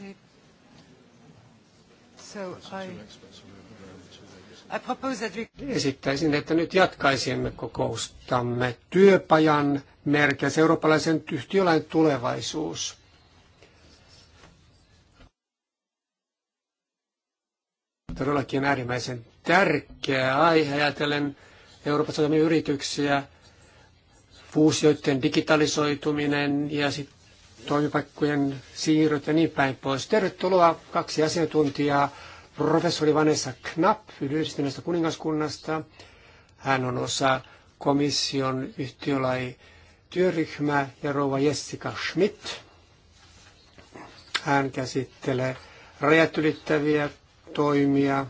Okay. So I... propose that we... Niin esittäisin, että nyt jatkaisimme kokoustamme. Työpajan merkitys, eurooppalaisen yhtiölain tulevaisuus. Todellakin äärimmäisen tärkeä aihe ajatellen Euroopassa yrityksiä, fuusioiden digitalisoituminen ja sitten toimipaikkojen siirrot ja niin päin pois. Tervetuloa kaksi asiantuntijaa, professori Vanessa Knapp yhdistyneestä kuningaskunnasta. Hän on osa komission yhtiölai työryhmää ja rouva Jessica Schmidt. Hän käsittelee rajat ylittäviä toimia.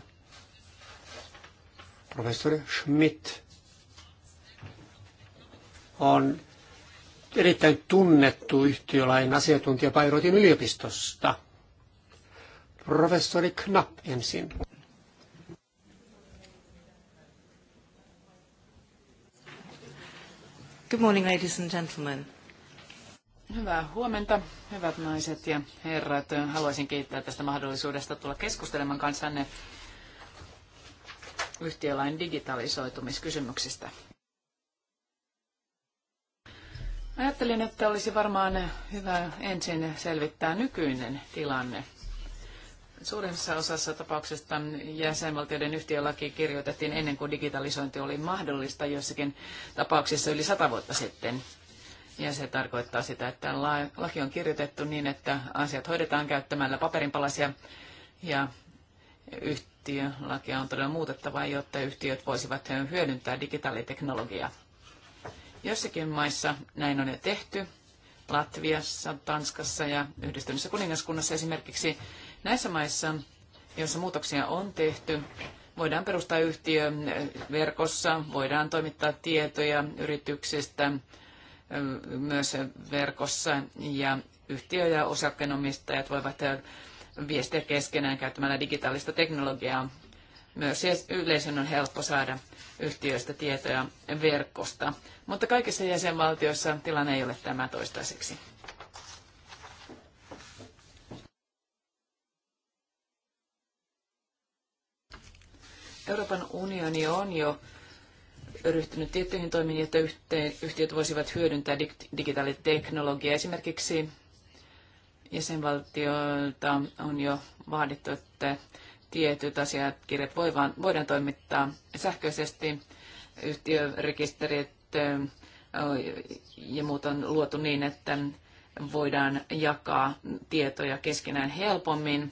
Professori Schmidt on erittäin tunnettu yhtiölain asiantuntija Pairotin yliopistosta. Professori Knapp ensin. Good morning, ladies and gentlemen. Hyvää huomenta, hyvät naiset ja herrat. Haluaisin kiittää tästä mahdollisuudesta tulla keskustelemaan kanssanne yhtiölain digitalisoitumiskysymyksistä. Ajattelin, että olisi varmaan hyvä ensin selvittää nykyinen tilanne. Suurimmassa osassa tapauksista jäsenvaltioiden yhtiölaki kirjoitettiin ennen kuin digitalisointi oli mahdollista joissakin tapauksissa yli sata vuotta sitten. Ja se tarkoittaa sitä, että laki on kirjoitettu niin, että asiat hoidetaan käyttämällä paperinpalasia ja yhtiölakia on todella muutettava, jotta yhtiöt voisivat hyödyntää digitaaliteknologiaa. Jossakin maissa näin on jo tehty, Latviassa, Tanskassa ja Yhdistyneessä kuningaskunnassa esimerkiksi. Näissä maissa, joissa muutoksia on tehty, voidaan perustaa yhtiö eh, verkossa, voidaan toimittaa tietoja yrityksistä eh, myös verkossa ja yhtiö- ja osakkeenomistajat voivat eh, viestiä keskenään käyttämällä digitaalista teknologiaa. Myös yleisön on helppo saada yhtiöistä tietoja verkosta. Mutta kaikissa jäsenvaltioissa tilanne ei ole tämä toistaiseksi. Euroopan unioni on jo ryhtynyt tiettyihin toimiin, jotta yhtiöt voisivat hyödyntää digitaaliteknologiaa. Esimerkiksi jäsenvaltioilta on jo vaadittu, että tietyt asiakirjat voidaan toimittaa sähköisesti. Yhtiörekisterit ja muut on luotu niin, että voidaan jakaa tietoja keskenään helpommin.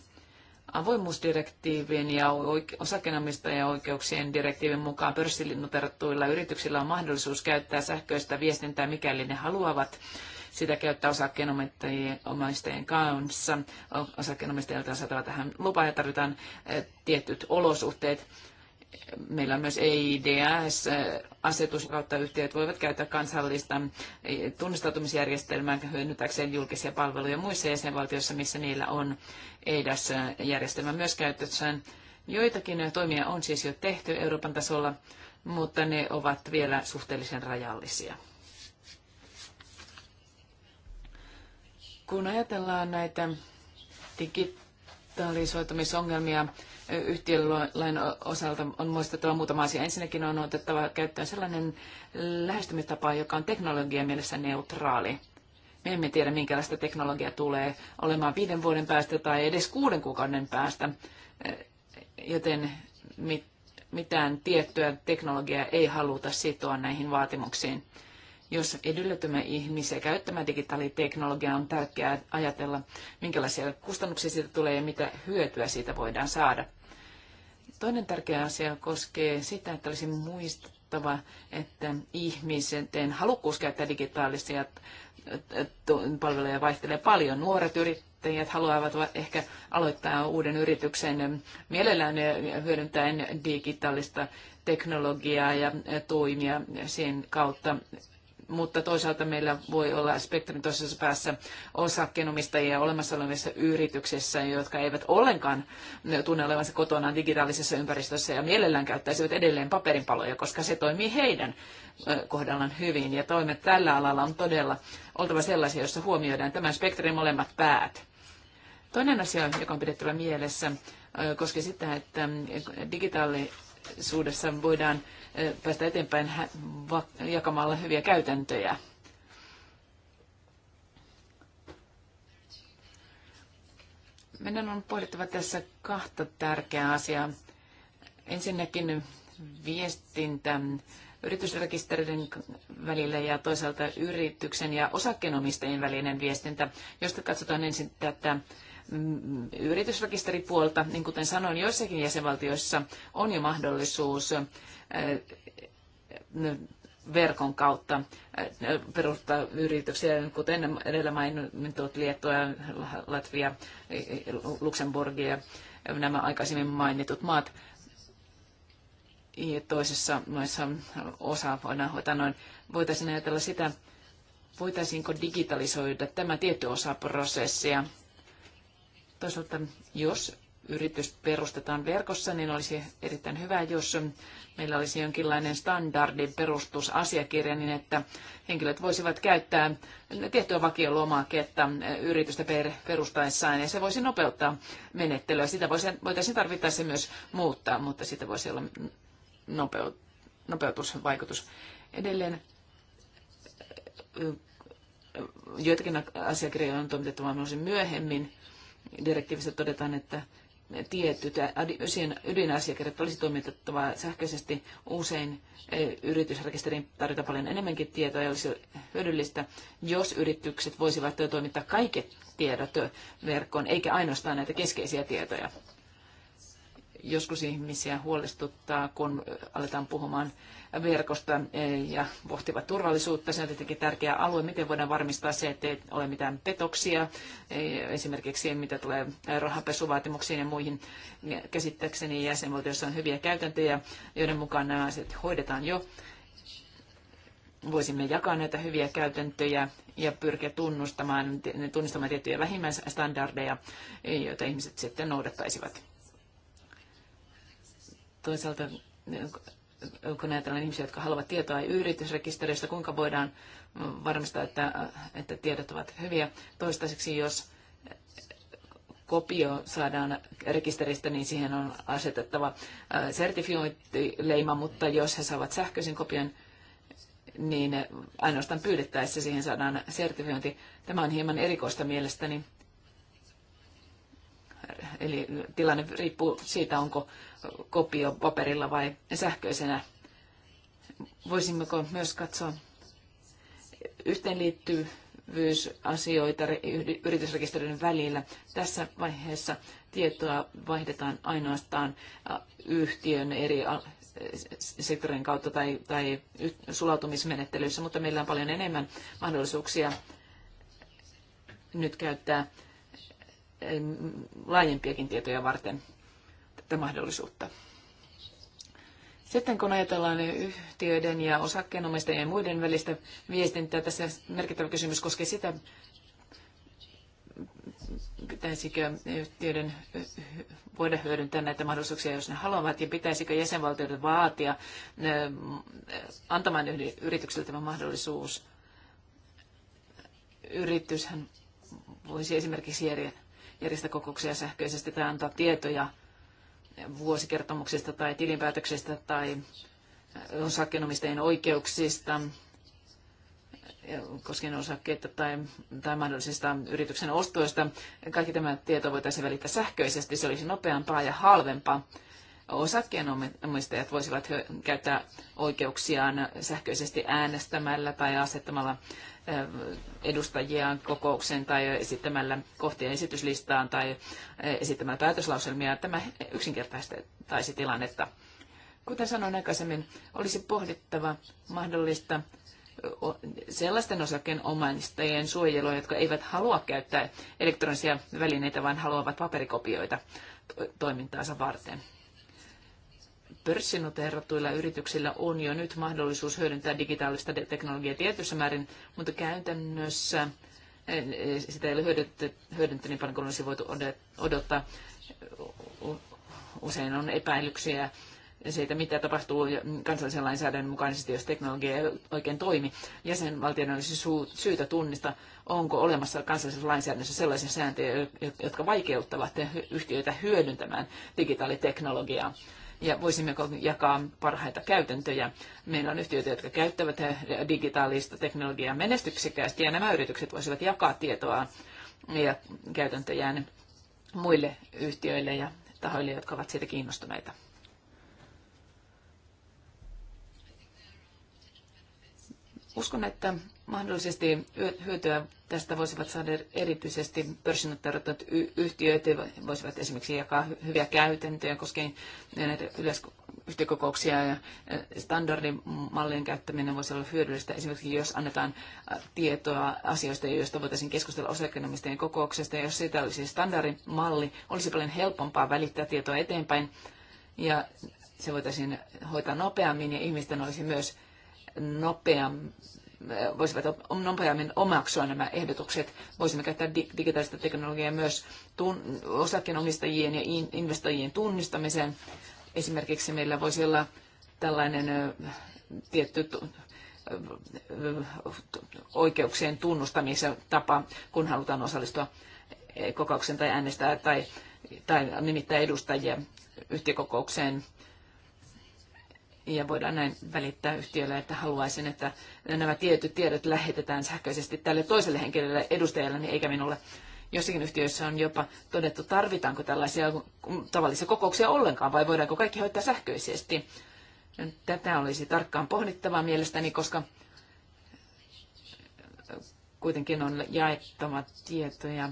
Avoimuusdirektiivin ja osakkeenomistajan oikeuksien direktiivin mukaan pörssinoterattuilla yrityksillä on mahdollisuus käyttää sähköistä viestintää, mikäli ne haluavat sitä käyttää osakkeenomistajien kanssa. Osakkeenomistajilta on saatava tähän lupa ja tarvitaan tietyt olosuhteet. Meillä on myös EIDS-asetus, kautta yhtiöt voivat käyttää kansallista tunnistautumisjärjestelmää hyödyntääkseen julkisia palveluja muissa jäsenvaltioissa, missä niillä on EIDAS-järjestelmä myös käytössään. Joitakin toimia on siis jo tehty Euroopan tasolla, mutta ne ovat vielä suhteellisen rajallisia. Kun ajatellaan näitä digitalisoitumisongelmia, yhtiölain osalta on muistettava muutama asia. Ensinnäkin on otettava käyttöön sellainen lähestymistapa, joka on teknologian mielessä neutraali. Me emme tiedä, minkälaista teknologiaa tulee olemaan viiden vuoden päästä tai edes kuuden kuukauden päästä, joten mitään tiettyä teknologiaa ei haluta sitoa näihin vaatimuksiin jos edellytämme ihmisiä käyttämään digitaaliteknologiaa, on tärkeää ajatella, minkälaisia kustannuksia siitä tulee ja mitä hyötyä siitä voidaan saada. Toinen tärkeä asia koskee sitä, että olisi muistettava, että ihmisten halukkuus käyttää digitaalisia äh, palveluja vaihtelee paljon. Nuoret yrittäjät haluavat ehkä aloittaa uuden yrityksen mielellään hyödyntäen digitaalista teknologiaa ja äh, toimia sen kautta mutta toisaalta meillä voi olla spektrin toisessa päässä osakkeenomistajia olemassa olevissa yrityksissä, jotka eivät ollenkaan tunne olevansa kotona digitaalisessa ympäristössä ja mielellään käyttäisivät edelleen paperinpaloja, koska se toimii heidän kohdallaan hyvin. Ja toimet tällä alalla on todella oltava sellaisia, joissa huomioidaan tämän spektrin molemmat päät. Toinen asia, joka on pidettävä mielessä, koskee sitä, että digitaalisuudessa voidaan päästä eteenpäin jakamalla hyviä käytäntöjä. Meidän on pohdittava tässä kahta tärkeää asiaa. Ensinnäkin viestintä yritysrekisterien välillä ja toisaalta yrityksen ja osakkeenomistajien välinen viestintä. Jos katsotaan ensin tätä mm, yritysrekisteripuolta, niin kuten sanoin, joissakin jäsenvaltioissa on jo mahdollisuus Äh, verkon kautta äh, perustaa yrityksiä, kuten edellä mainitut Liettua, Latvia, Luxemburgia, nämä aikaisemmin mainitut maat. Ja toisessa noissa osa voidaan hoitaa noin. Voitaisiin ajatella sitä, voitaisiinko digitalisoida tämä tietty osa prosessia. Toisaalta, jos yritys perustetaan verkossa, niin olisi erittäin hyvä, jos meillä olisi jonkinlainen standardin perustusasiakirja, niin että henkilöt voisivat käyttää tiettyä vakiolomaketta yritystä perustaessaan, ja se voisi nopeuttaa menettelyä. Sitä voitaisiin tarvittaessa myös muuttaa, mutta sitä voisi olla nopeut, nopeutusvaikutus. Edelleen joitakin asiakirjoja on toimitettava myös myöhemmin. Direktiivissä todetaan, että tietyt ydinasiakirjat olisi toimitettava sähköisesti usein e, yritysrekisteriin tarjota paljon enemmänkin tietoa ja olisi hyödyllistä, jos yritykset voisivat toimittaa kaiket tiedot verkkoon, eikä ainoastaan näitä keskeisiä tietoja joskus ihmisiä huolestuttaa, kun aletaan puhumaan verkosta eh, ja pohtivat turvallisuutta. Se on tietenkin tärkeä alue, miten voidaan varmistaa se, ettei ole mitään petoksia, eh, esimerkiksi mitä tulee rahapesuvaatimuksiin ja muihin. Käsittääkseni jäsenvaltioissa on hyviä käytäntöjä, joiden mukaan nämä asiat hoidetaan jo. Voisimme jakaa näitä hyviä käytäntöjä ja pyrkiä tunnustamaan, tunnistamaan tiettyjä vähimmäisstandardeja, joita ihmiset sitten noudattaisivat Toisaalta kun ajatellaan ihmisiä, jotka haluavat tietoa yritysrekisteristä, kuinka voidaan varmistaa, että, että tiedot ovat hyviä. Toistaiseksi, jos kopio saadaan rekisteristä, niin siihen on asetettava sertifiointileima, mutta jos he saavat sähköisen kopion, niin ainoastaan pyydettäessä siihen saadaan sertifiointi. Tämä on hieman erikoista mielestäni. Eli tilanne riippuu siitä, onko kopio paperilla vai sähköisenä. Voisimmeko myös katsoa yhteenliittyvyysasioita yritysrekisteröiden välillä. Tässä vaiheessa tietoa vaihdetaan ainoastaan yhtiön eri sektorin kautta tai, tai sulautumismenettelyissä, mutta meillä on paljon enemmän mahdollisuuksia nyt käyttää laajempiakin tietoja varten tätä mahdollisuutta. Sitten kun ajatellaan yhtiöiden ja osakkeenomistajien ja muiden välistä viestintää, tässä merkittävä kysymys koskee sitä, pitäisikö yhtiöiden voida hyödyntää näitä mahdollisuuksia, jos ne haluavat, ja pitäisikö jäsenvaltioiden vaatia antamaan yritykselle tämä mahdollisuus. Yrityshän voisi esimerkiksi järjestää järjestää kokouksia sähköisesti tai antaa tietoja vuosikertomuksista tai tilinpäätöksistä tai osakkeenomistajien oikeuksista koskien osakkeita tai, tai mahdollisista yrityksen ostoista. Kaikki tämä tieto voitaisiin välittää sähköisesti. Se olisi nopeampaa ja halvempaa osakkeenomistajat voisivat käyttää oikeuksiaan sähköisesti äänestämällä tai asettamalla edustajiaan kokoukseen tai esittämällä kohtia esityslistaan tai esittämällä päätöslauselmia. Tämä yksinkertaistaisi tilannetta. Kuten sanoin aikaisemmin, olisi pohdittava mahdollista sellaisten osakkeenomistajien suojelua, jotka eivät halua käyttää elektronisia välineitä, vaan haluavat paperikopioita toimintaansa varten pörssinoteerattuilla yrityksillä on jo nyt mahdollisuus hyödyntää digitaalista teknologiaa tietyssä määrin, mutta käytännössä eh, eh, sitä ei ole hyödytty, niin paljon kuin olisi voitu odottaa. Usein on epäilyksiä siitä, mitä tapahtuu kansallisen lainsäädännön mukaisesti, jos teknologia ei oikein toimi. Jäsenvaltioiden olisi syytä tunnistaa, onko olemassa kansallisessa lainsäädännössä sellaisia sääntöjä, jotka vaikeuttavat yhtiöitä hyödyntämään digitaaliteknologiaa ja voisimmeko jakaa parhaita käytäntöjä. Meillä on yhtiöitä, jotka käyttävät digitaalista teknologiaa menestyksekkäästi ja nämä yritykset voisivat jakaa tietoa ja käytäntöjään muille yhtiöille ja tahoille, jotka ovat siitä kiinnostuneita. Uskon, että mahdollisesti hyötyä tästä voisivat saada erityisesti pörssinoteeratut yhtiöt, voisivat esimerkiksi jakaa hyviä käytäntöjä koskien näitä yleiskokouksia ja eh, standardimallien käyttäminen voisi olla hyödyllistä. Esimerkiksi jos annetaan eh, tietoa asioista, joista voitaisiin keskustella osakkeenomistajien kokouksesta, ja jos siitä olisi standardimalli, olisi paljon helpompaa välittää tietoa eteenpäin ja se voitaisiin hoitaa nopeammin ja ihmisten olisi myös nopeammin voisivat nopeammin omaksua nämä ehdotukset. Voisimme käyttää digitaalista teknologiaa myös tun- osakkeenomistajien ja investoijien tunnistamiseen. Esimerkiksi meillä voisi olla tällainen tietty oikeuksien tunnustamisen tapa, kun halutaan osallistua kokouksen tai äänestää tai, tai nimittää edustajia yhtiökokoukseen ja voidaan näin välittää yhtiölle, että haluaisin, että nämä tietyt tiedot lähetetään sähköisesti tälle toiselle henkilölle edustajalleni niin eikä minulle. Jossakin yhtiöissä on jopa todettu, tarvitaanko tällaisia tavallisia kokouksia ollenkaan vai voidaanko kaikki hoitaa sähköisesti. Tätä olisi tarkkaan pohdittavaa mielestäni, koska kuitenkin on jaettava tietoja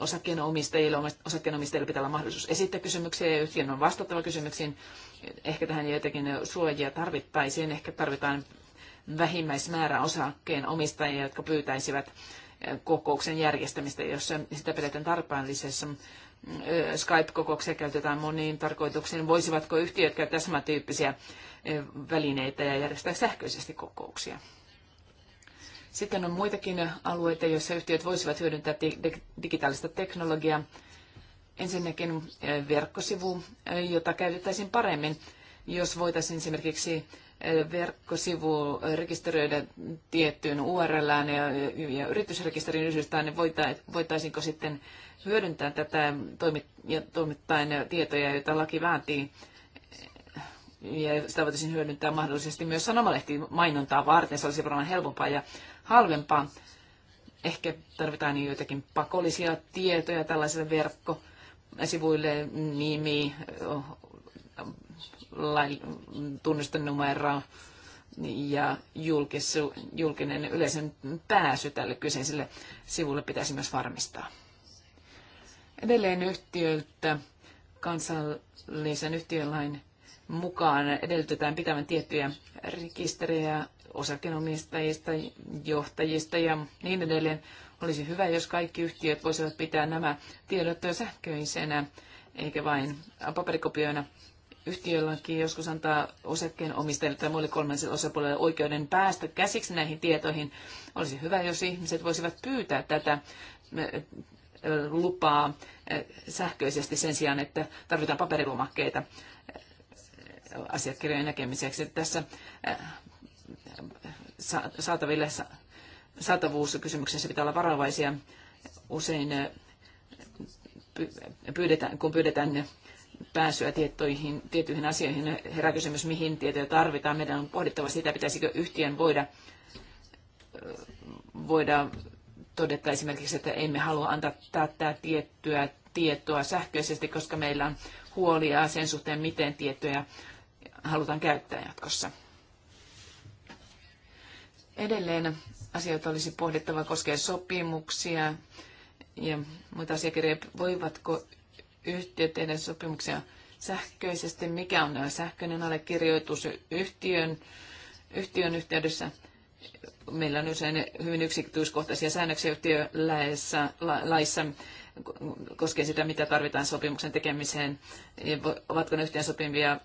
osakkeenomistajille, osakkeenomistajille pitää olla mahdollisuus esittää kysymyksiä ja yhtiön on vastattava kysymyksiin. Ehkä tähän joitakin suojia tarvittaisiin, ehkä tarvitaan vähimmäismäärä osakkeen omistajia, jotka pyytäisivät eh, kokouksen järjestämistä, jos sitä pidetään tarpeellisessa. Eh, Skype-kokouksia käytetään moniin tarkoituksiin. Voisivatko yhtiöt käyttää samantyyppisiä eh, välineitä ja järjestää sähköisesti kokouksia? Sitten on muitakin alueita, joissa yhtiöt voisivat hyödyntää digitaalista teknologiaa. Ensinnäkin eh, verkkosivu, eh, jota käytettäisiin paremmin, jos voitaisiin esimerkiksi eh, verkkosivu rekisteröidä tiettyyn URL ja, yritysrekisterin yhdistään, niin voitaisiinko sitten hyödyntää tätä toimittain tietoja, joita laki vaatii, ja sitä voitaisiin hyödyntää mahdollisesti myös sanomalehtimainontaa varten. Se olisi varmaan helpompaa ja halvempaa. Ehkä tarvitaan joitakin pakollisia tietoja tällaisille verkkosivuille, nimi, tunnistenumero ja julkis, julkinen yleisen pääsy tälle kyseiselle sivulle pitäisi myös varmistaa. Edelleen yhtiöltä kansallisen yhtiölain mukaan edellytetään pitävän tiettyjä rekisterejä osakkeenomistajista, johtajista ja niin edelleen. Olisi hyvä, jos kaikki yhtiöt voisivat pitää nämä tiedot sähköisenä, eikä vain paperikopioina. Yhtiölläkin joskus antaa osakkeenomistajille tai muille kolmansille osapuolelle oikeuden päästä käsiksi näihin tietoihin. Olisi hyvä, jos ihmiset voisivat pyytää tätä lupaa sähköisesti sen sijaan, että tarvitaan paperilomakkeita asiakirjojen näkemiseksi. Tässä saataville saatavuuskysymyksessä pitää olla varovaisia. Usein pyydetään, kun pyydetään pääsyä tietoihin, tiettyihin asioihin, herää kysymys, mihin tietoja tarvitaan. Meidän on pohdittava sitä, pitäisikö yhtiön voida, voida todeta esimerkiksi, että emme halua antaa tätä tiettyä tietoa sähköisesti, koska meillä on huolia sen suhteen, miten tietoja halutaan käyttää jatkossa. Edelleen asioita olisi pohdittava koskien sopimuksia ja muita asiakirjoja. Voivatko yhtiöt tehdä sopimuksia sähköisesti? Mikä on sähköinen allekirjoitus yhtiön, yhtiön yhteydessä? Meillä on usein hyvin yksityiskohtaisia säännöksiä yhtiölaissa, laissa koskien sitä, mitä tarvitaan sopimuksen tekemiseen, ovatko ne yhteen sopivia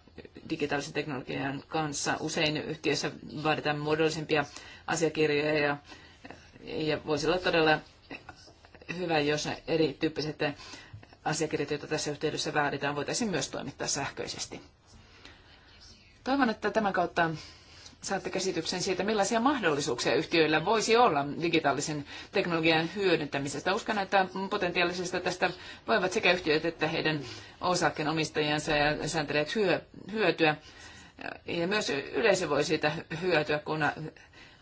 digitaalisen teknologian kanssa. Usein yhtiössä vaaditaan muodollisempia asiakirjoja ja, ja voisi olla todella hyvä, jos erityyppiset asiakirjat, joita tässä yhteydessä vaaditaan, voitaisiin myös toimittaa sähköisesti. Toivon, että tämän kautta saatte käsityksen siitä, millaisia mahdollisuuksia yhtiöillä voisi olla digitaalisen teknologian hyödyntämisestä. Uskon, että potentiaalisesta tästä voivat sekä yhtiöt että heidän osakkeenomistajansa ja sääntelijät hyötyä. Ja myös yleisö voi siitä hyötyä, kun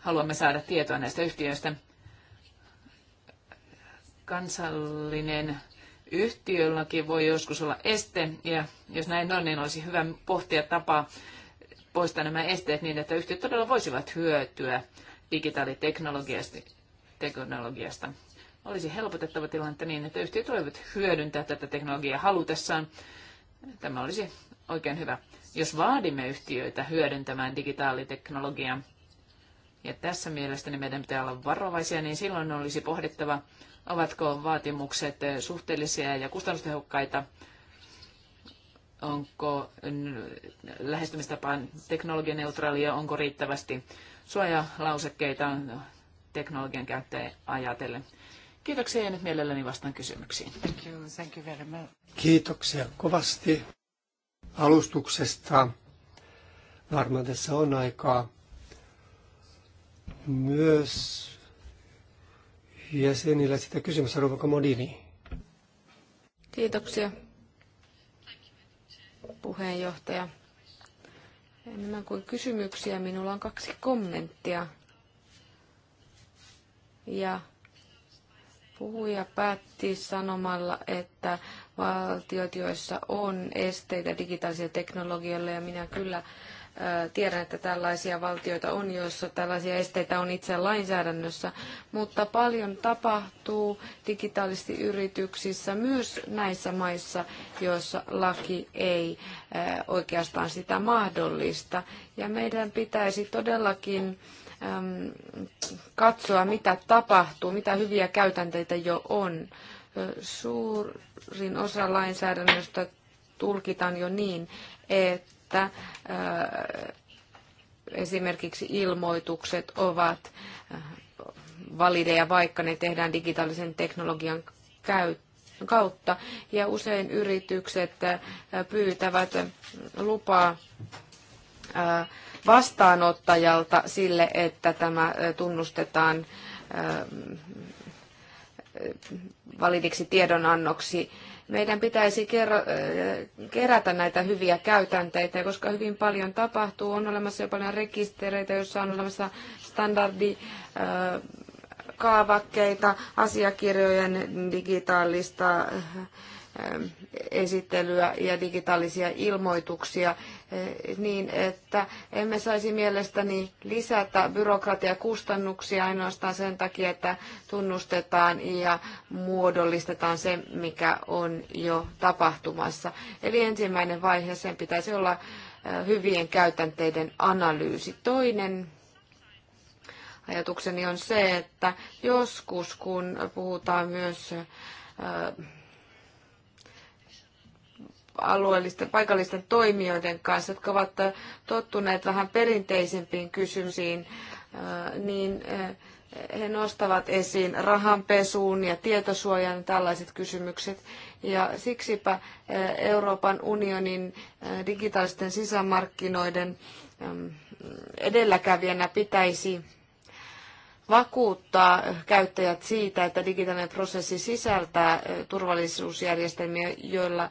haluamme saada tietoa näistä yhtiöistä. Kansallinen yhtiölläkin voi joskus olla este, ja jos näin on, niin olisi hyvä pohtia tapaa poistaa nämä esteet niin, että yhtiöt todella voisivat hyötyä digitaaliteknologiasta. Olisi helpotettava tilannetta niin, että yhtiöt voivat hyödyntää tätä teknologiaa halutessaan. Tämä olisi oikein hyvä. Jos vaadimme yhtiöitä hyödyntämään digitaaliteknologiaa, ja tässä mielestäni meidän pitää olla varovaisia, niin silloin olisi pohdittava, ovatko vaatimukset suhteellisia ja kustannustehokkaita onko lähestymistapa teknologianeutraalia, onko riittävästi suojalausekkeita teknologian käyttäjä ajatellen. Kiitoksia ja nyt mielelläni vastaan kysymyksiin. Thank you, thank you very much. Kiitoksia kovasti alustuksesta. Varmaan tässä on aikaa myös jäsenillä sitä kysymystä, Ruvaka Modini. Kiitoksia puheenjohtaja. Enemmän kuin kysymyksiä, minulla on kaksi kommenttia. Ja puhuja päätti sanomalla, että valtiot, joissa on esteitä digitaaliselle teknologialle, ja minä kyllä Tiedän, että tällaisia valtioita on, joissa tällaisia esteitä on itse lainsäädännössä, mutta paljon tapahtuu digitaalisesti yrityksissä myös näissä maissa, joissa laki ei oikeastaan sitä mahdollista. Ja meidän pitäisi todellakin katsoa, mitä tapahtuu, mitä hyviä käytänteitä jo on. Suurin osa lainsäädännöstä tulkitaan jo niin, että äh, esimerkiksi ilmoitukset ovat äh, valideja, vaikka ne tehdään digitaalisen teknologian kautta. Ja usein yritykset äh, pyytävät lupaa vastaanottajalta sille, että tämä tunnustetaan validiksi tiedonannoksi meidän pitäisi kerätä näitä hyviä käytänteitä, koska hyvin paljon tapahtuu. On olemassa jo paljon rekistereitä, joissa on olemassa standardi kaavakkeita, asiakirjojen digitaalista esittelyä ja digitaalisia ilmoituksia. Eh, niin, että emme saisi mielestäni lisätä byrokratiakustannuksia ainoastaan sen takia, että tunnustetaan ja muodollistetaan se, mikä on jo tapahtumassa. Eli ensimmäinen vaihe, sen pitäisi olla eh, hyvien käytänteiden analyysi. Toinen ajatukseni on se, että joskus kun puhutaan myös eh, alueellisten, paikallisten toimijoiden kanssa, jotka ovat äh, tottuneet vähän perinteisempiin kysymyksiin, äh, niin äh, he nostavat esiin rahanpesuun ja tietosuojan tällaiset kysymykset. Ja siksipä Euroopan unionin digitaalisten sisämarkkinoiden ähm, edelläkävijänä pitäisi vakuuttaa käyttäjät siitä, että digitaalinen prosessi sisältää turvallisuusjärjestelmiä, joilla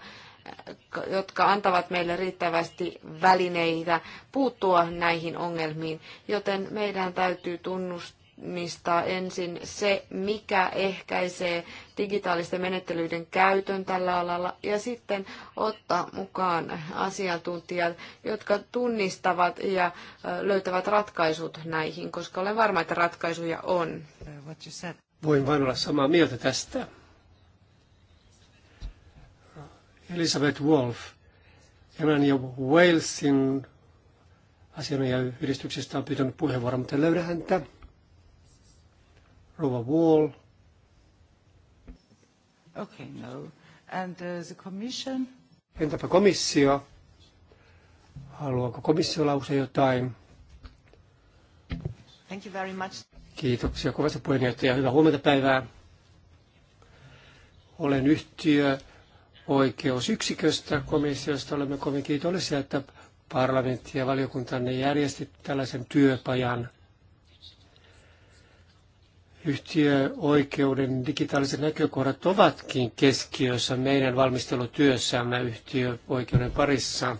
jotka antavat meille riittävästi välineitä puuttua näihin ongelmiin, joten meidän täytyy tunnistaa ensin se, mikä ehkäisee digitaalisten menettelyiden käytön tällä alalla, ja sitten ottaa mukaan asiantuntijat, jotka tunnistavat ja löytävät ratkaisut näihin, koska olen varma, että ratkaisuja on. Voin vain olla samaa mieltä tästä. Elizabeth Wolf, Englannin ja Walesin asianajayhdistyksestä on pyytänyt puheenvuoron, mutta en löydä häntä. Rova Wall. Okay, no. And uh, the commission? Entäpä komissio? Haluaako komissio lausua jotain? Thank you very much. Kiitoksia kovasti puheenjohtaja. Hyvää huomenta päivää. Olen yhtiö oikeusyksiköstä komissiosta. Olemme kovin kiitollisia, että parlamentti ja valiokuntanne järjesti tällaisen työpajan yhtiöoikeuden digitaaliset näkökohdat ovatkin keskiössä meidän valmistelutyössämme yhtiöoikeuden parissa.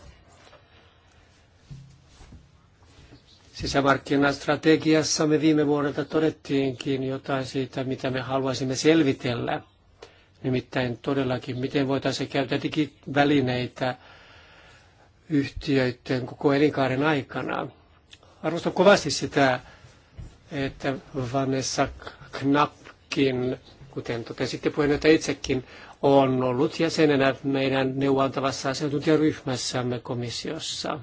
Sisämarkkinastrategiassamme viime vuodelta todettiinkin jotain siitä, mitä me haluaisimme selvitellä – Nimittäin todellakin, miten voitaisiin käyttää digivälineitä yhtiöiden koko elinkaaren aikana. Arvostan kovasti sitä, että Vanessa Knappkin, kuten totesitte puheenjohtaja itsekin, on ollut jäsenenä meidän neuvontavassa asiantuntijaryhmässämme komissiossa.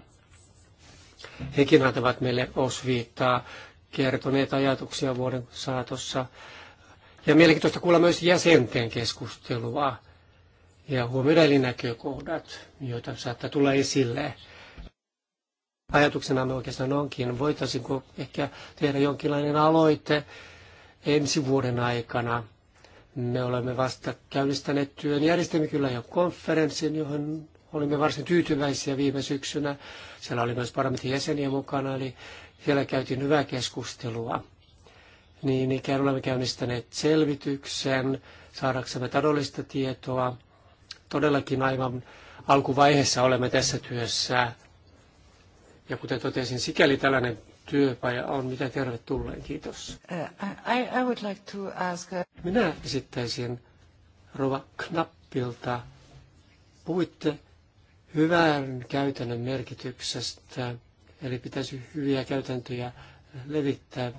Hekin antavat meille osviittaa, kertoneet ajatuksia vuoden saatossa ja mielenkiintoista kuulla myös jäsenten keskustelua ja huomioida eri näkökohdat, joita saattaa tulla esille. Ajatuksena me oikeastaan onkin, voitaisiinko ehkä tehdä jonkinlainen aloite ensi vuoden aikana. Me olemme vasta käynnistäneet työn, järjestimme kyllä jo konferenssin, johon olimme varsin tyytyväisiä viime syksynä. Siellä oli myös parlamentin jäseniä mukana, eli siellä käytiin hyvää keskustelua niin ikään olemme käynnistäneet selvityksen saadaksemme taloudellista tietoa. Todellakin aivan alkuvaiheessa olemme tässä työssä. Ja kuten totesin, sikäli tällainen työpaja on mitä tervetulleen. Kiitos. Uh, I, I would like to ask... Uh, Minä esittäisin Rova Knappilta. Puhuitte hyvän käytännön merkityksestä, eli pitäisi hyviä käytäntöjä levittää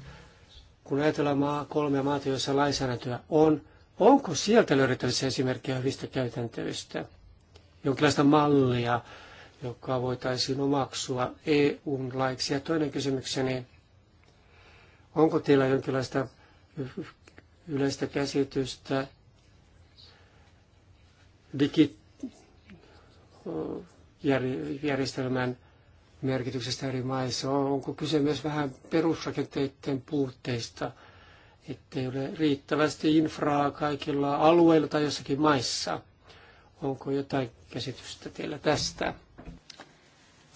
kun ajatellaan maa, kolmea maata, joissa lainsäädäntöä on, onko sieltä löydettävissä esimerkkejä hyvistä käytäntöistä? Jonkinlaista mallia, joka voitaisiin omaksua EU-laiksi. Ja toinen kysymykseni, onko teillä jonkinlaista yleistä käsitystä digijärjestelmän merkityksestä eri maissa? Onko kyse myös vähän perusrakenteiden puutteista, ettei ole riittävästi infraa kaikilla alueilla tai jossakin maissa? Onko jotain käsitystä teillä tästä?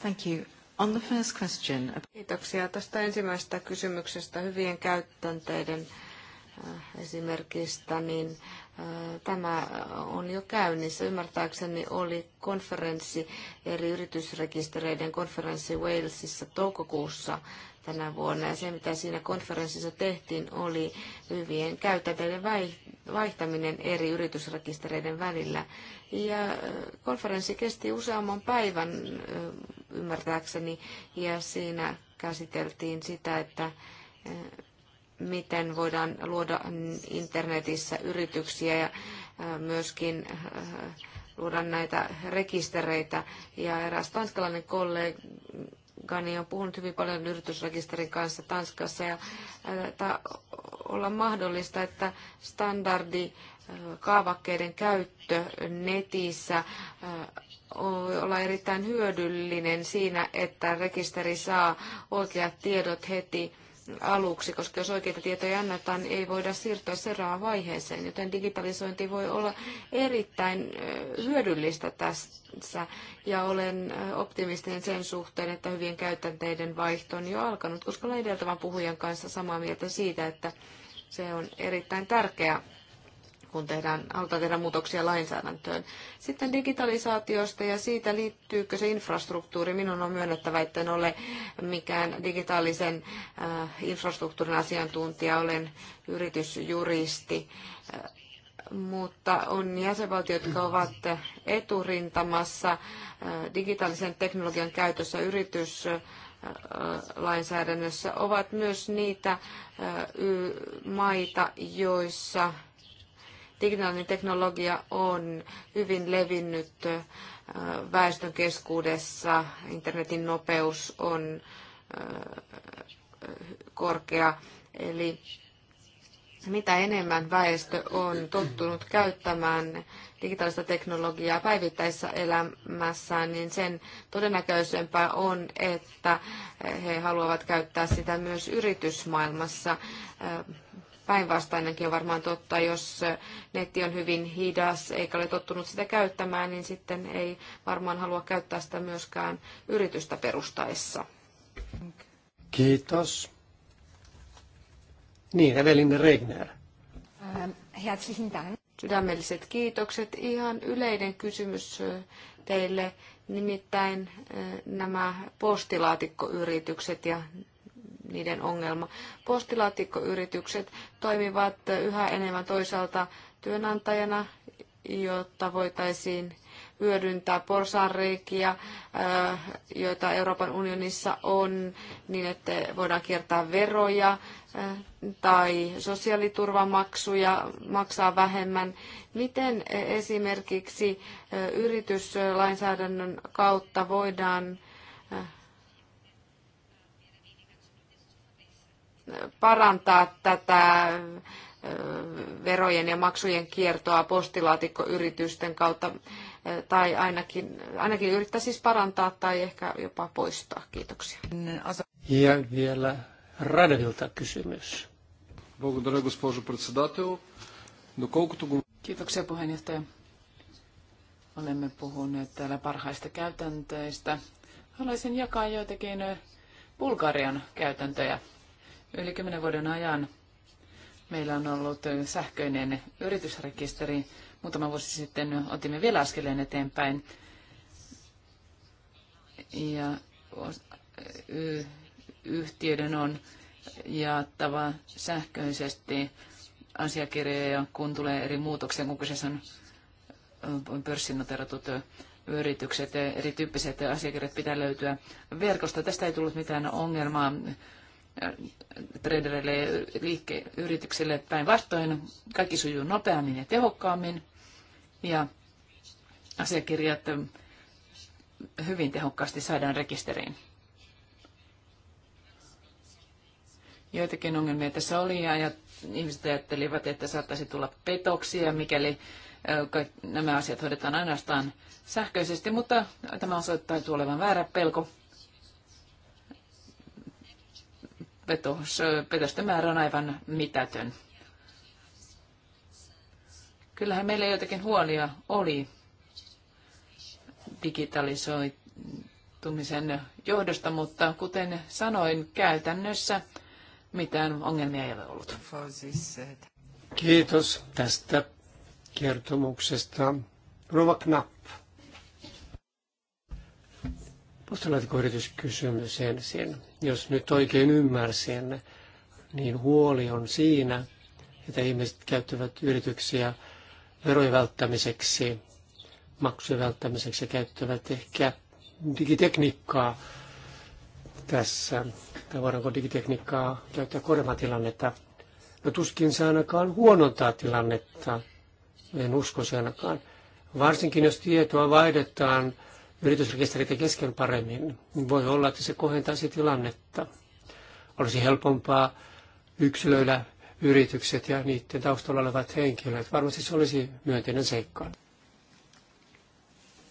Thank you. On the first question. Kiitoksia tästä ensimmäisestä kysymyksestä hyvien käytänteiden äh, esimerkistä, niin Tämä on jo käynnissä. Ymmärtääkseni oli konferenssi eri yritysrekistereiden konferenssi Walesissa toukokuussa tänä vuonna. Ja se, mitä siinä konferenssissa tehtiin, oli hyvien käytänteiden vaihtaminen eri yritysrekistereiden välillä. Ja konferenssi kesti useamman päivän ymmärtääkseni, ja siinä käsiteltiin sitä, että miten voidaan luoda internetissä yrityksiä ja myöskin luoda näitä rekistereitä. Ja eräs tanskalainen kollegani on puhunut hyvin paljon yritysrekisterin kanssa Tanskassa ja olla mahdollista, että standardi kaavakkeiden käyttö netissä olla erittäin hyödyllinen siinä, että rekisteri saa oikeat tiedot heti aluksi, koska jos oikeita tietoja annetaan, niin ei voida siirtyä seuraavaan vaiheeseen, joten digitalisointi voi olla erittäin hyödyllistä tässä, ja olen optimistinen sen suhteen, että hyvien käytänteiden vaihto on jo alkanut, koska olen edeltävän puhujan kanssa samaa mieltä siitä, että se on erittäin tärkeää kun tehdään, halutaan tehdä muutoksia lainsäädäntöön. Sitten digitalisaatiosta ja siitä liittyykö se infrastruktuuri. Minun on myönnettävä, että en ole mikään digitaalisen äh, infrastruktuurin asiantuntija, olen yritysjuristi äh, mutta on jäsenvaltiot, jotka ovat eturintamassa äh, digitaalisen teknologian käytössä yrityslainsäädännössä, ovat myös niitä maita, joissa Digitaalinen teknologia on hyvin levinnyt väestön keskuudessa. Internetin nopeus on korkea. Eli mitä enemmän väestö on tottunut käyttämään digitaalista teknologiaa päivittäisessä elämässään, niin sen todennäköisempää on, että he haluavat käyttää sitä myös yritysmaailmassa päinvastainenkin on varmaan totta. Jos netti on hyvin hidas eikä ole tottunut sitä käyttämään, niin sitten ei varmaan halua käyttää sitä myöskään yritystä perustaessa. Kiitos. Niin, Evelin Regner. Ähm, herzlichen Dank. Sydämelliset kiitokset. Ihan yleinen kysymys äh, teille, nimittäin äh, nämä postilaatikkoyritykset ja niiden ongelma. Postilaatikkoyritykset toimivat yhä enemmän toisaalta työnantajana, jotta voitaisiin hyödyntää porsaanreikiä, äh, joita Euroopan unionissa on, niin että voidaan kiertää veroja äh, tai sosiaaliturvamaksuja, maksaa vähemmän. Miten esimerkiksi äh, yrityslainsäädännön kautta voidaan parantaa tätä verojen ja maksujen kiertoa postilaatikkoyritysten kautta, tai ainakin, ainakin yrittää siis parantaa tai ehkä jopa poistaa. Kiitoksia. Ja vielä Radevilta kysymys. Kiitoksia puheenjohtaja. Olemme puhuneet täällä parhaista käytänteistä. Haluaisin jakaa joitakin Bulgarian käytäntöjä Yli kymmenen vuoden ajan meillä on ollut sähköinen yritysrekisteri. Muutama vuosi sitten otimme vielä askeleen eteenpäin. Ja yhtiöiden on jaattava sähköisesti asiakirjoja, kun tulee eri muutoksia, kun kyseessä on pörssinoteratut yritykset, erityyppiset asiakirjat pitää löytyä verkosta. Tästä ei tullut mitään ongelmaa tradereille ja liikkeyrityksille päinvastoin. Kaikki sujuu nopeammin ja tehokkaammin ja asiakirjat hyvin tehokkaasti saadaan rekisteriin. Joitakin ongelmia tässä oli ja ihmiset ajattelivat, että saattaisi tulla petoksia, mikäli nämä asiat hoidetaan ainoastaan sähköisesti, mutta tämä osoittaa tulevan väärä pelko. petos, petosten määrä on aivan mitätön. Kyllähän meillä joitakin huolia oli digitalisoitumisen johdosta, mutta kuten sanoin, käytännössä mitään ongelmia ei ole ollut. Kiitos tästä kertomuksesta. Rova Knapp. Postulaatikoyrityskysymys ensin. Jos nyt oikein ymmärsin, niin huoli on siinä, että ihmiset käyttävät yrityksiä verojen välttämiseksi, maksujen välttämiseksi ja käyttävät ehkä digitekniikkaa tässä. Tai voidaanko digitekniikkaa käyttää korjaamaan tilannetta? No tuskin se ainakaan huonontaa tilannetta. En usko se ainakaan. Varsinkin jos tietoa vaihdetaan yritysrekistereitä kesken paremmin, niin voi olla, että se kohentaisi tilannetta. Olisi helpompaa yksilöillä yritykset ja niiden taustalla olevat henkilöt. Varmasti se olisi myönteinen seikka.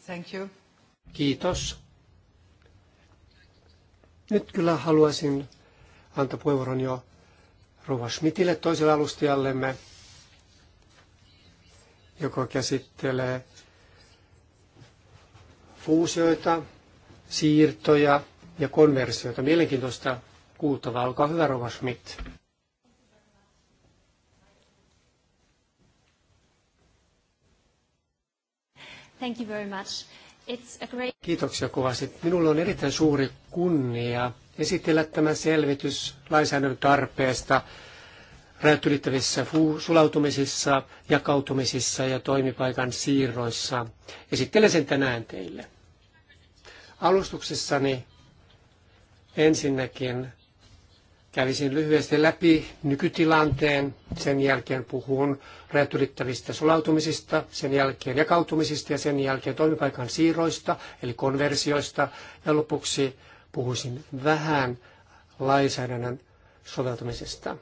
Thank you. Kiitos. Nyt kyllä haluaisin antaa puheenvuoron jo Rova Schmidtille toiselle alustajallemme, joka käsittelee fuusioita, siirtoja ja konversioita. Mielenkiintoista kuultavaa. Olkaa hyvä, Rova Schmidt. Thank you very much. It's a great... Kiitoksia kovasti. Minulla on erittäin suuri kunnia esitellä tämä selvitys lainsäädännön tarpeesta rajat ylittävissä sulautumisissa, jakautumisissa ja toimipaikan siirroissa. Esittelen sen tänään teille. Alustuksessani ensinnäkin kävisin lyhyesti läpi nykytilanteen, sen jälkeen puhun rajat ylittävistä sulautumisista, sen jälkeen jakautumisista ja sen jälkeen toimipaikan siirroista, eli konversioista, ja lopuksi puhuisin vähän lainsäädännön soveltamisesta.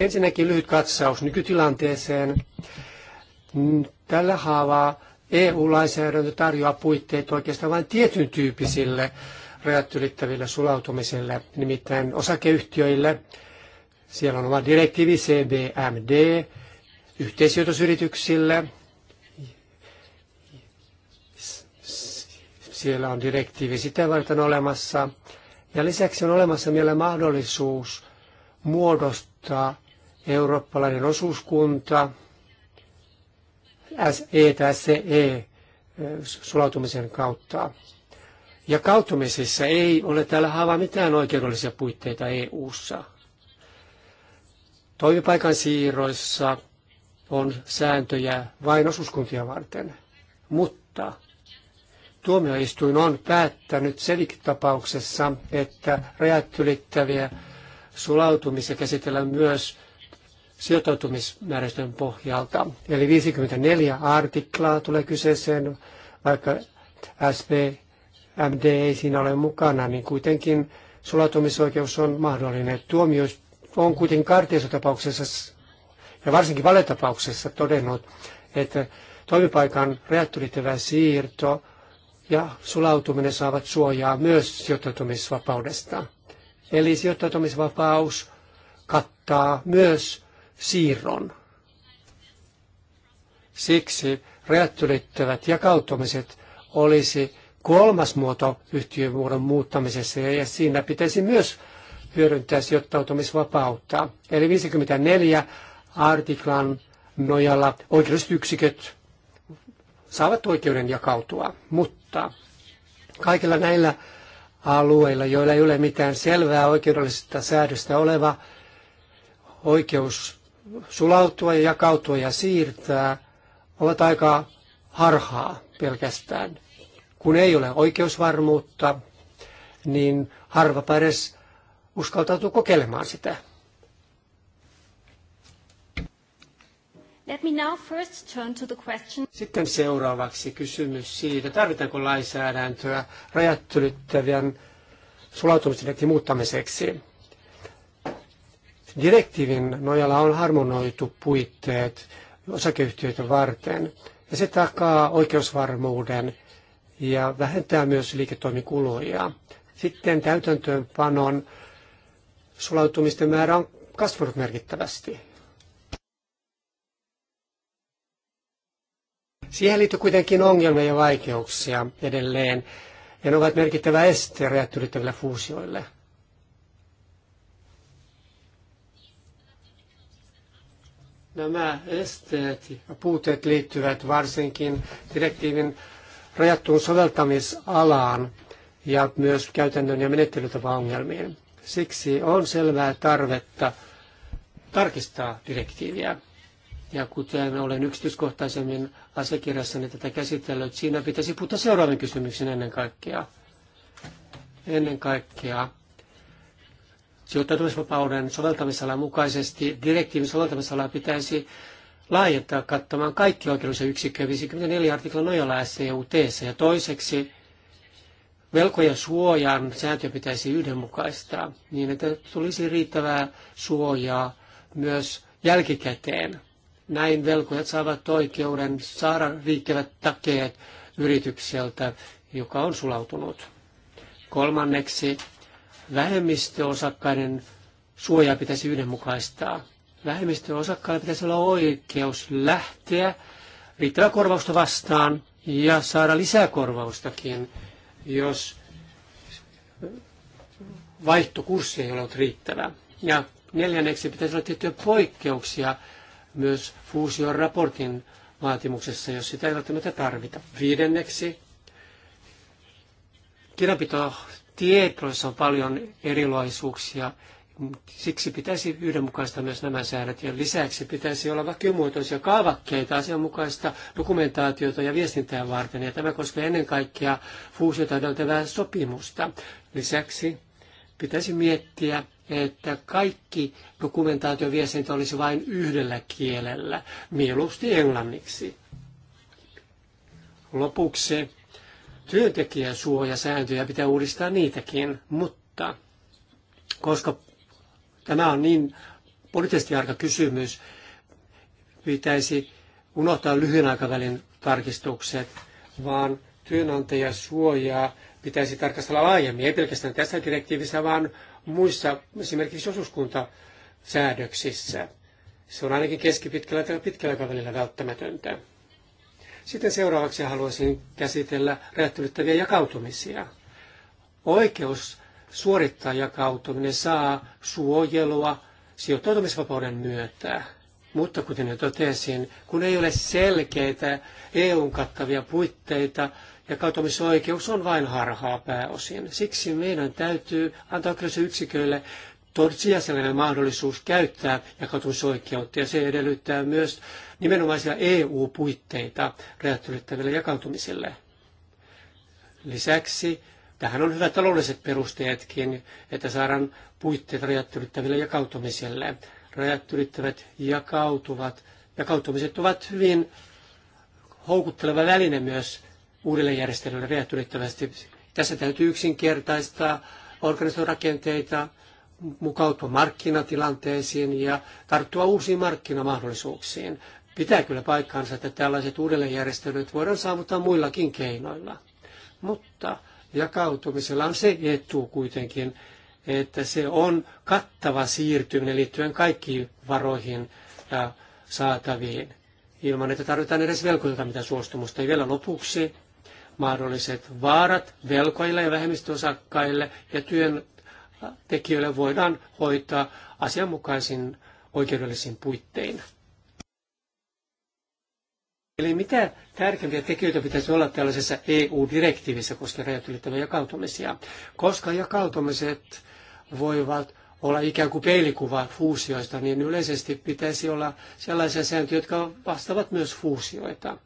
Ensinnäkin lyhyt katsaus nykytilanteeseen. Tällä haavaa EU-lainsäädäntö tarjoaa puitteet oikeastaan vain tietyn tyyppisille rajat ylittäville sulautumiselle, nimittäin osakeyhtiöille. Siellä on oma direktiivi CBMD, yhteisijoitusyrityksille. Siellä on direktiivi sitä varten olemassa. Ja lisäksi on olemassa vielä mahdollisuus muodostaa eurooppalainen osuuskunta SE tai SE e, sulautumisen kautta. Ja kautumisissa ei ole täällä haava mitään oikeudellisia puitteita EU-ssa. Toimipaikan siirroissa on sääntöjä vain osuuskuntia varten, mutta tuomioistuin on päättänyt selikitapauksessa, että rajat ylittäviä sulautumisia käsitellään myös sijoittautumismääräysten pohjalta. Eli 54 artiklaa tulee kyseeseen, vaikka SPMD ei siinä ole mukana, niin kuitenkin sulautumisoikeus on mahdollinen. Tuomio on kuitenkin kartiasotapauksessa ja varsinkin valetapauksessa todennut, että toimipaikan reaktoritävä siirto ja sulautuminen saavat suojaa myös sijoittautumisvapaudesta. Eli sijoittautumisvapaus kattaa myös siirron. Siksi rajat ylittävät jakautumiset olisi kolmas muoto yhtiömuodon muuttamisessa ja siinä pitäisi myös hyödyntää sijoittautumisvapautta. Eli 54 artiklan nojalla oikeudelliset yksiköt saavat oikeuden jakautua, mutta kaikilla näillä alueilla, joilla ei ole mitään selvää oikeudellista säädöstä oleva oikeus sulautua ja jakautua ja siirtää ovat aika harhaa pelkästään. Kun ei ole oikeusvarmuutta, niin harva edes uskaltautuu kokeilemaan sitä. Let me now first turn to the question. Sitten seuraavaksi kysymys siitä, tarvitaanko lainsäädäntöä rajat ylittävien sulautumisdirektiivin muuttamiseksi. Direktiivin nojalla on harmonoitu puitteet osakeyhtiöitä varten ja se takaa oikeusvarmuuden ja vähentää myös liiketoimikuluja. Sitten täytäntöönpanon sulautumisten määrä on kasvanut merkittävästi. Siihen liittyy kuitenkin ongelmia ja vaikeuksia edelleen, ja ne ovat merkittävä este rajat ylittäville fuusioille – Nämä esteet ja puutteet liittyvät varsinkin direktiivin rajattuun soveltamisalaan ja myös käytännön ja menettelytapaongelmiin. Siksi on selvää tarvetta tarkistaa direktiiviä. Ja kuten olen yksityiskohtaisemmin asiakirjassani tätä käsitellyt, siinä pitäisi puuttua seuraavan kysymyksen ennen kaikkea. Ennen kaikkea Sijoittautumisvapauden soveltamisalan mukaisesti direktiivin soveltamisalaa pitäisi laajentaa kattamaan kaikki oikeudellisen yksikköä 54 artiklan nojalla SCUT. E ja toiseksi velkojen suojan sääntö pitäisi yhdenmukaistaa niin, että tulisi riittävää suojaa myös jälkikäteen. Näin velkojat saavat oikeuden saada riittävät takeet yritykseltä, joka on sulautunut. Kolmanneksi vähemmistöosakkaiden suojaa pitäisi yhdenmukaistaa. Vähemmistöosakkailla pitäisi olla oikeus lähteä riittävää korvausta vastaan ja saada lisää korvaustakin, jos vaihtokurssi ei ollut riittävä. Ja neljänneksi pitäisi olla tiettyjä poikkeuksia myös fuusion raportin vaatimuksessa, jos sitä ei välttämättä tarvita. Viidenneksi kirjanpito tietoissa on paljon erilaisuuksia, siksi pitäisi yhdenmukaista myös nämä säännöt. Ja lisäksi pitäisi olla vakiomuotoisia kaavakkeita asianmukaista dokumentaatiota ja viestintää varten. Ja tämä koskee ennen kaikkea fuusiota edeltävää sopimusta. Lisäksi pitäisi miettiä, että kaikki dokumentaatioviestintä olisi vain yhdellä kielellä, mieluusti englanniksi. Lopuksi työntekijän suojasääntöjä, pitää uudistaa niitäkin, mutta koska tämä on niin poliittisesti arka kysymys, pitäisi unohtaa lyhyen aikavälin tarkistukset, vaan työnantajan suojaa pitäisi tarkastella laajemmin, ei pelkästään tässä direktiivissä, vaan muissa, esimerkiksi osuuskuntasäädöksissä. Se on ainakin keskipitkällä tai pitkällä aikavälillä välttämätöntä. Sitten seuraavaksi haluaisin käsitellä räjähtelyttäviä jakautumisia. Oikeus suorittaa jakautuminen saa suojelua sijoittautumisvapauden myötä. Mutta kuten jo totesin, kun ei ole selkeitä EUn kattavia puitteita, jakautumisoikeus on vain harhaa pääosin. Siksi meidän täytyy antaa oikeusyksiköille tosiasiallinen mahdollisuus käyttää jakautumisoikeutta ja se edellyttää myös nimenomaisia EU-puitteita rajat ylittäville jakautumisille. Lisäksi tähän on hyvät taloudelliset perusteetkin, että saadaan puitteita rajat jakautumiselle. Rajat ylittävät jakautuvat, jakautumiset ovat hyvin houkutteleva väline myös uudelle rajat ylittävästi. Tässä täytyy yksinkertaistaa organisaatiorakenteita, rakenteita, mukautua markkinatilanteisiin ja tarttua uusiin markkinamahdollisuuksiin. Pitää kyllä paikkaansa, että tällaiset uudelleenjärjestelyt voidaan saavuttaa muillakin keinoilla. Mutta jakautumisella on se etu kuitenkin, että se on kattava siirtyminen liittyen kaikkiin varoihin ja saataviin, ilman että tarvitaan edes velkoilta mitä suostumusta. Ja vielä lopuksi mahdolliset vaarat velkoille ja vähemmistöosakkaille ja työn tekijöille voidaan hoitaa asianmukaisin oikeudellisin puittein. Eli mitä tärkeimpiä tekijöitä pitäisi olla tällaisessa EU-direktiivissä koskien rajat ylittäviä jakautumisia? Koska jakautumiset voivat olla ikään kuin peilikuva fuusioista, niin yleisesti pitäisi olla sellaisia sääntöjä, jotka vastaavat myös fuusioita.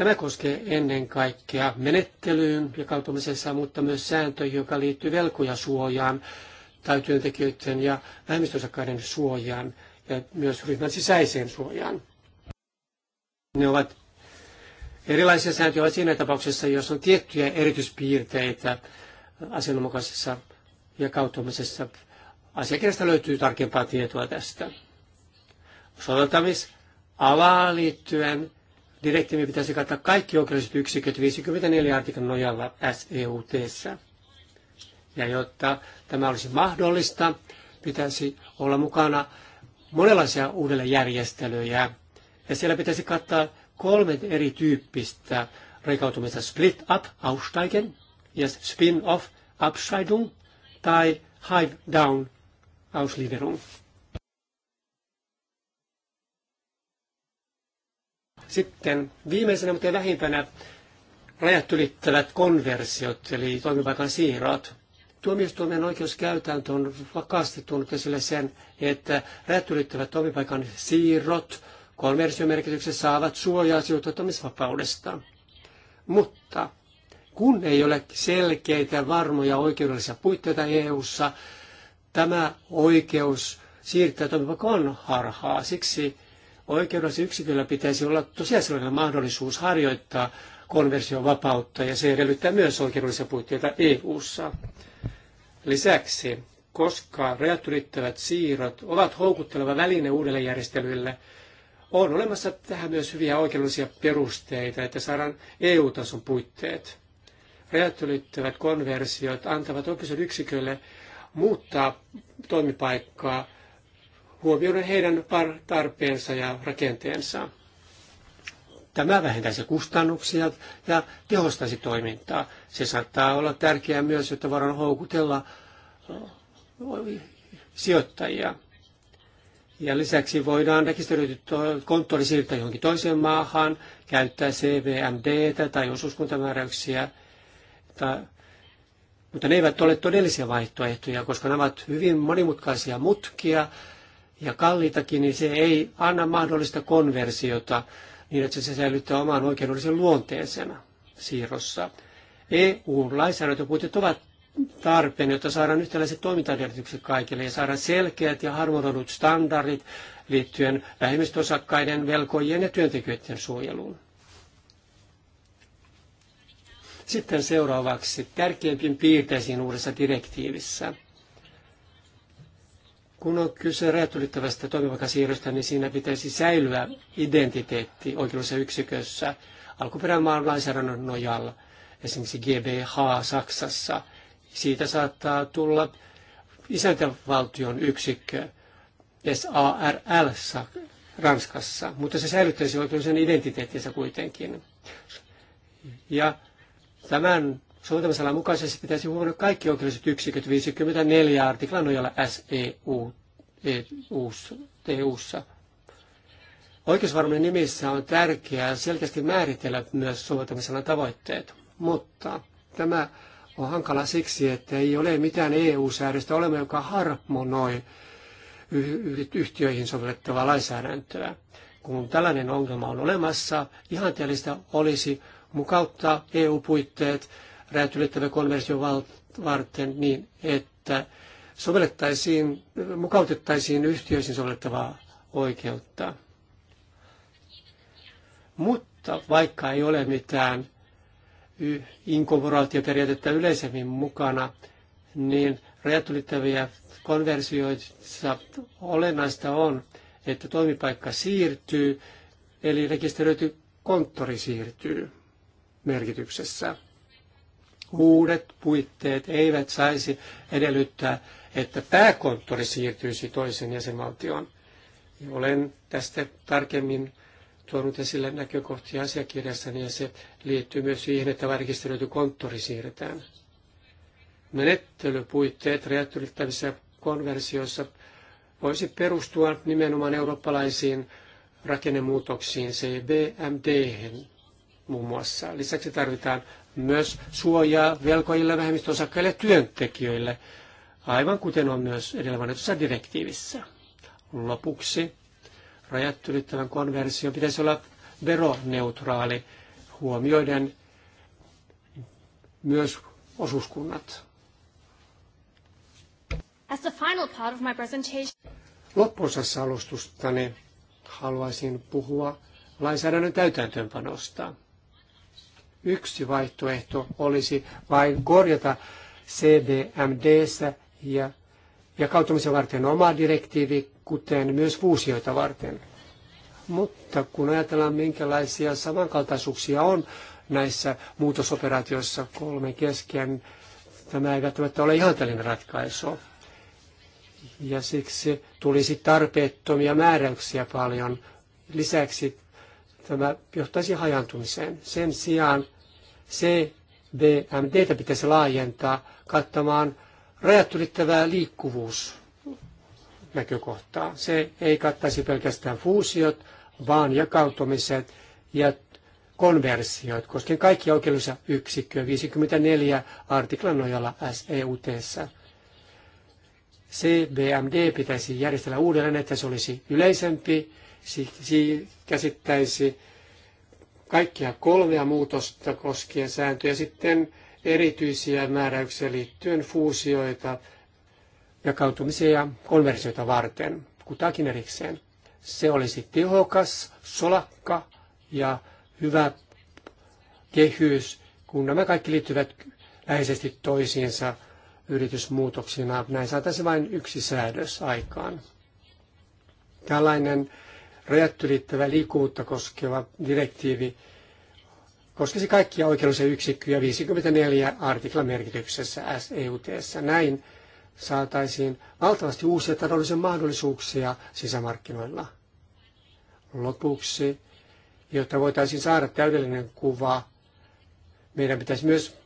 Tämä koskee ennen kaikkea menettelyyn jakautumisessa, mutta myös sääntöihin, joka liittyy velkojasuojaan tai työntekijöiden ja vähemmistösakkaiden suojaan ja myös ryhmän sisäiseen suojaan. Ne ovat erilaisia sääntöjä ovat siinä tapauksessa, jos on tiettyjä erityispiirteitä ja jakautumisessa. Asiakirjasta löytyy tarkempaa tietoa tästä. Soveltamisalaa liittyen direktiivi pitäisi kattaa kaikki oikeudelliset yksiköt 54 artiklan nojalla seut -sä. Ja jotta tämä olisi mahdollista, pitäisi olla mukana monenlaisia uudelleenjärjestelyjä. Ja siellä pitäisi kattaa kolme eri tyyppistä rekautumista. Split up, aussteigen, ja spin off, abscheidung, tai hive down, ausliederung. Sitten viimeisenä, mutta vähimpänä, rajat ylittävät konversiot, eli toimipaikan siirrot. Tuomioistuimen oikeuskäytäntö on vakaasti tullut esille sen, että rajat ylittävät toimipaikan siirrot konversiomerkityksessä saavat suojaa sijoittamisvapaudesta. Mutta kun ei ole selkeitä, varmoja oikeudellisia puitteita EU-ssa, tämä oikeus siirtää toimipaikan on harhaa. Siksi oikeudellisen yksiköllä pitäisi olla tosiasiallinen mahdollisuus harjoittaa konversiovapautta ja se edellyttää myös oikeudellisia puitteita EU-ssa. Lisäksi, koska rajat ylittävät siirrot ovat houkutteleva väline uudelleenjärjestelyille, on olemassa tähän myös hyviä oikeudellisia perusteita, että saadaan EU-tason puitteet. Rajat ylittävät konversiot antavat oikeuden yksiköille, muuttaa toimipaikkaa huomioiden heidän tarpeensa ja rakenteensa. Tämä vähentäisi kustannuksia ja tehostaisi toimintaa. Se saattaa olla tärkeää myös, että voidaan houkutella äh, sijoittajia. Ja lisäksi voidaan rekisteröity konttori siirtää johonkin toiseen maahan, käyttää CVMD tai osuuskuntamääräyksiä. Tai, mutta ne eivät ole todellisia vaihtoehtoja, koska nämä ovat hyvin monimutkaisia mutkia, ja kalliitakin, niin se ei anna mahdollista konversiota niin, että se säilyttää oman oikeudellisen luonteensa siirrossa. EU-lainsäädäntöpuitteet ovat tarpeen, jotta saadaan yhtäläiset toimintaedellytykset kaikille ja saadaan selkeät ja harmonoidut standardit liittyen vähemmistöosakkaiden, velkojien ja työntekijöiden suojeluun. Sitten seuraavaksi tärkeimpiin piirteisiin uudessa direktiivissä – kun on kyse rajat ylittävästä toimivakasiirrosta, niin siinä pitäisi säilyä identiteetti oikeudessa yksikössä alkuperämaan lainsäädännön nojalla, esimerkiksi GBH Saksassa. Siitä saattaa tulla isäntävaltion yksikkö SARL Ranskassa, mutta se säilyttäisi oikeudellisen identiteettinsä kuitenkin. Ja tämän soveltamisalan mukaisesti pitäisi huomioida kaikki oikeudelliset yksiköt 54 artiklan nojalla SEU, EU-ssa. E Oikeusvarmuuden nimissä on tärkeää selkeästi määritellä myös soveltamisalan tavoitteet, mutta tämä on hankala siksi, että ei ole mitään EU-säädöstä olema, joka harmonoi yhtiöihin sovellettavaa lainsäädäntöä. Kun tällainen ongelma on olemassa, ihanteellista olisi mukauttaa EU-puitteet räätylettävä konversio varten niin, että sovellettaisiin, mukautettaisiin yhtiöisiin sovellettavaa oikeutta. Mutta vaikka ei ole mitään inkorporaatioperiaatetta yleisemmin mukana, niin räätylettäviä konversioissa olennaista on, että toimipaikka siirtyy, eli rekisteröity konttori siirtyy merkityksessä. Uudet puitteet eivät saisi edellyttää, että pääkonttori siirtyisi toisen jäsenvaltioon. Olen tästä tarkemmin tuonut esille näkökohtia asiakirjassa, ja se liittyy myös siihen, että rekisteröity konttori siirretään. Menettelypuitteet rajat konversioissa voisi perustua nimenomaan eurooppalaisiin rakennemuutoksiin, CBMD muun muassa. Lisäksi tarvitaan myös suojaa velkoille vähemmistöosakkaille työntekijöille, aivan kuten on myös edellä mainitussa direktiivissä. Lopuksi rajat ylittävän konversion pitäisi olla veroneutraali huomioiden myös osuuskunnat. As the final part of my presentation... Loppuosassa alustustani haluaisin puhua lainsäädännön täytäntöönpanosta. Yksi vaihtoehto olisi vain korjata cdmd ja jakautumisen varten oma direktiivi, kuten myös fuusioita varten. Mutta kun ajatellaan, minkälaisia samankaltaisuuksia on näissä muutosoperaatioissa kolmen kesken, tämä ei välttämättä ole ihanteellinen ratkaisu. Ja siksi tulisi tarpeettomia määräyksiä paljon. Lisäksi tämä johtaisi hajantumiseen. Sen sijaan CBMD pitäisi laajentaa kattamaan rajat ylittävää liikkuvuus näkökohtaa. Se ei kattaisi pelkästään fuusiot, vaan jakautumiset ja konversioit koskien kaikki oikeudellisia yksikköä 54 artiklan nojalla seut CBMD pitäisi järjestellä uudelleen, että se olisi yleisempi se käsittäisi kaikkia kolmea muutosta koskien sääntöjä, sitten erityisiä määräyksiä liittyen fuusioita, jakautumisia ja konversioita varten, kutakin erikseen. Se olisi tehokas, solakka ja hyvä kehys, kun nämä kaikki liittyvät läheisesti toisiinsa yritysmuutoksina. Näin saataisiin vain yksi säädös aikaan. Tällainen rajat ylittävää liikkuvuutta koskeva direktiivi koskisi kaikkia oikeudellisia yksikköjä 54 artiklan merkityksessä SEUT. Näin saataisiin valtavasti uusia taloudellisia mahdollisuuksia sisämarkkinoilla. Lopuksi, jotta voitaisiin saada täydellinen kuva, meidän pitäisi myös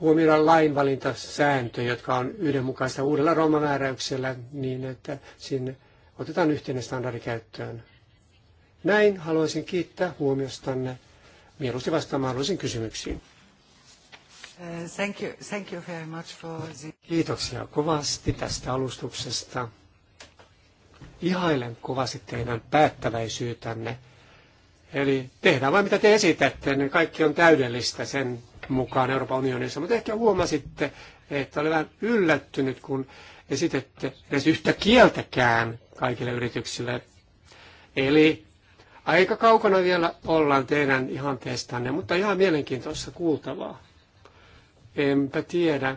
huomioida lainvalintasääntö, jotka on yhdenmukaista uudella romamääräyksellä niin, että sinne otetaan yhteinen standardi käyttöön. Näin haluaisin kiittää huomiostanne. Mieluusti vastaan mahdollisiin kysymyksiin. Uh, thank you, thank you very much for the... Kiitoksia kovasti tästä alustuksesta. Ihailen kovasti teidän päättäväisyytänne. Eli tehdään vain mitä te esitätte, niin kaikki on täydellistä sen mukaan Euroopan unionissa. Mutta ehkä huomasitte, että olen vähän yllättynyt, kun esitette edes yhtä kieltäkään kaikille yrityksille. Eli Aika kaukana vielä ollaan teidän ihanteestanne, mutta ihan mielenkiintoista kuultavaa. Enpä tiedä,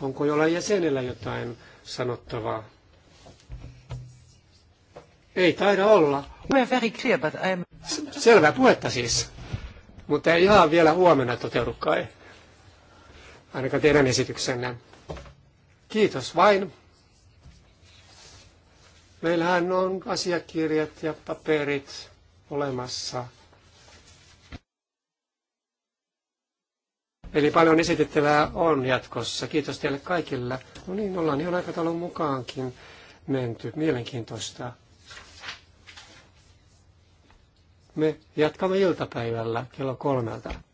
onko jollain jäsenellä jotain sanottavaa. Ei taida olla. Selvä puhetta siis. Mutta ei ihan vielä huomenna toteudu kai. Ainakaan teidän esityksenne. Kiitos vain. Meillähän on asiakirjat ja paperit olemassa. Eli paljon esitettävää on jatkossa. Kiitos teille kaikille. No niin, ollaan ihan aikataulun mukaankin menty. Mielenkiintoista. Me jatkamme iltapäivällä kello kolmelta.